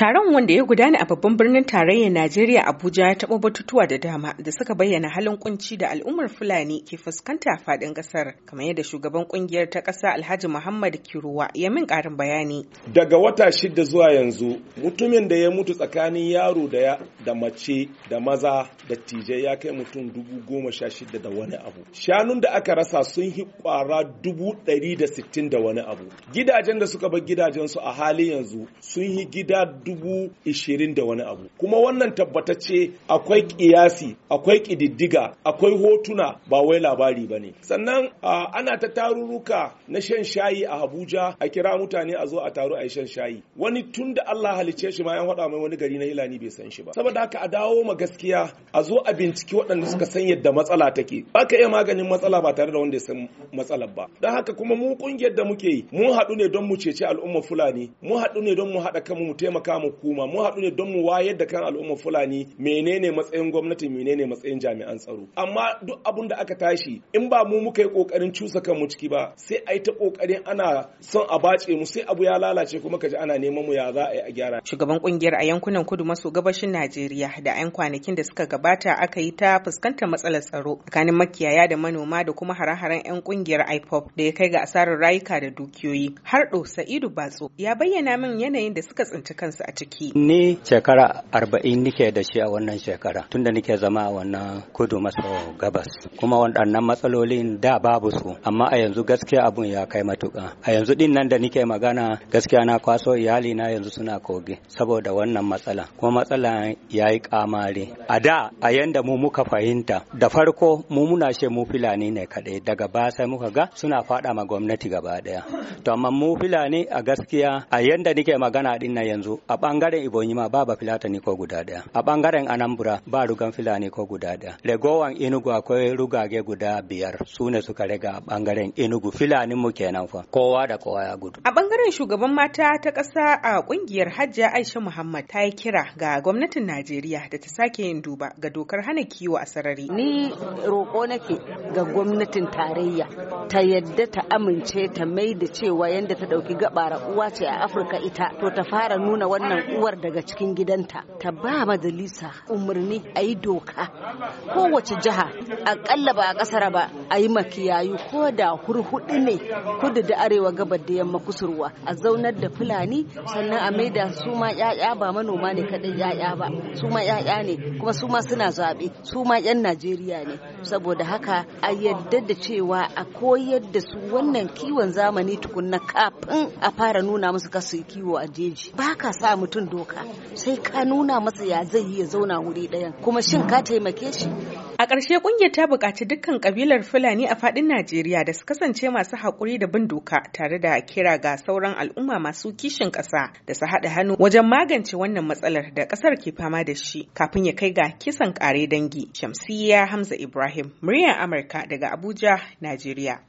Taron wanda ya gudana a babban birnin tarayyar Najeriya Abuja ya taɓa batutuwa da dama da suka bayyana halin kunci da al'ummar Fulani ke fuskanta faɗin ƙasar, kamar yadda shugaban ƙungiyar ta ƙasa Alhaji Muhammad Kiruwa ya min ƙarin bayani. Daga wata shida zuwa yanzu, mutumin da ya mutu tsakanin yaro da da mace da maza da tijai ya kai mutum dubu goma sha shida da wani abu shanun da aka rasa sun hi kwara dubu ɗari da sittin da wani abu gidajen da suka bar gidajensu a halin yanzu sun yi gida dubu ishirin da wani abu kuma wannan tabbatacce akwai kiyasi akwai ƙididdiga akwai hotuna ba wai labari ba ne sannan ana ta tarurruka na shan shayi a abuja a kira mutane a zo a taru a yi shan shayi wani tun da allah halicce shi ma yan faɗa mai wani gari na ilani bai san shi ba saboda haka a dawo ma gaskiya a zo a binciki waɗanda suka san yadda matsala take ba ka iya maganin matsala ba tare da wanda ya san matsalar ba don haka kuma mu kungiyar da muke yi mun haɗu ne don mu ceci al'umma fulani mun haɗu ne don mu haɗa kanmu mu taimaka mu kuma mun haɗu ne don mu wayar da kan al'umma fulani menene matsayin gwamnati menene matsayin jami'an tsaro amma duk abun da aka tashi in ba mu muka yi kokarin cusa kanmu ciki ba sai a yi ta kokarin ana son a bace mu sai abu ya lalace kuma kaji ana neman mu ya za a yi a gyara shugaban kungiyar a yankunan kudu maso gabashin Najeriya Najeriya da 'yan kwanakin da suka gabata aka yi ta fuskantar matsalar tsaro tsakanin makiyaya da manoma da kuma hare-haren 'yan kungiyar IPOP da ya kai ga asarar rayuka da dukiyoyi. Har Sa'idu Batso ya bayyana min yanayin da suka tsinci kansu a ciki. Ni shekara arba'in nike da shi a wannan shekara tunda nike zama a wannan kudu maso gabas kuma waɗannan matsalolin da babu su amma a yanzu gaskiya abun ya kai matuƙa a yanzu din nan da nike magana gaskiya na kwaso iyali na yanzu suna kogi saboda wannan matsala kuma matsala ya yi kamare. A da a yanda mu muka fahimta da farko mu muna she mu filani ne kaɗai daga ba sai muka ga suna faɗa ma gwamnati gaba ɗaya. To amma mu Fulani a gaskiya a yanda nike magana din na yanzu a ɓangaren Ibonyi Nyima ba ba ni ko guda ɗaya. A ɓangaren Anambra ba rugan Fulani ko guda ɗaya. Ragowan Enugu akwai rugage guda biyar su suka riga a ɓangaren Enugu Fulani mu kenan fa kowa da kowa ya gudu. A ɓangaren shugaban mata ta ƙasa a ƙungiyar Hajja Aisha Muhammad ta yi kira ga gwamnatin Najeriya da ta sake yin duba ga dokar hana kiwo a sarari. Ni roƙo nake ga gwamnatin tarayya ta yadda ta amince ta mai da cewa yadda ta ɗauki gabara uwa ce a Afirka ita to ta fara nuna wannan uwar daga cikin gidanta ta ba majalisa umarni a yi doka kowace jiha aƙalla ba a ƙasar ba a yi makiyayu ko da hurhuɗu ne kudu da arewa gabar da yamma kusurwa a zaunar da fulani sannan a maida su ma 'ya'ya ba manoma ne kaɗai 'ya'ya ba su ma 'ya'ya ne kuma su ma suna zaɓe su ma 'yan najeriya ne saboda haka a yadda da cewa a koyar da su wannan kiwon zamani tukunna kafin a fara nuna musu kasu kiwo a jeji ba ka sa mutum doka sai ka nuna masa ya zai ya zauna wuri ɗaya kuma shin ka taimake shi A ƙarshe ƙungiyar ta buƙaci dukkan ƙabilar Fulani a faɗin Najeriya da su kasance masu haƙuri da bin doka tare da kira ga sauran al'umma masu kishin ƙasa da su haɗa hannu wajen magance wannan matsalar da ƙasar ke fama da shi kafin ya kai ga kisan ƙare dangi. Shamsiyya Hamza Ibrahim, muryar Amurka daga Abuja, Najeriya.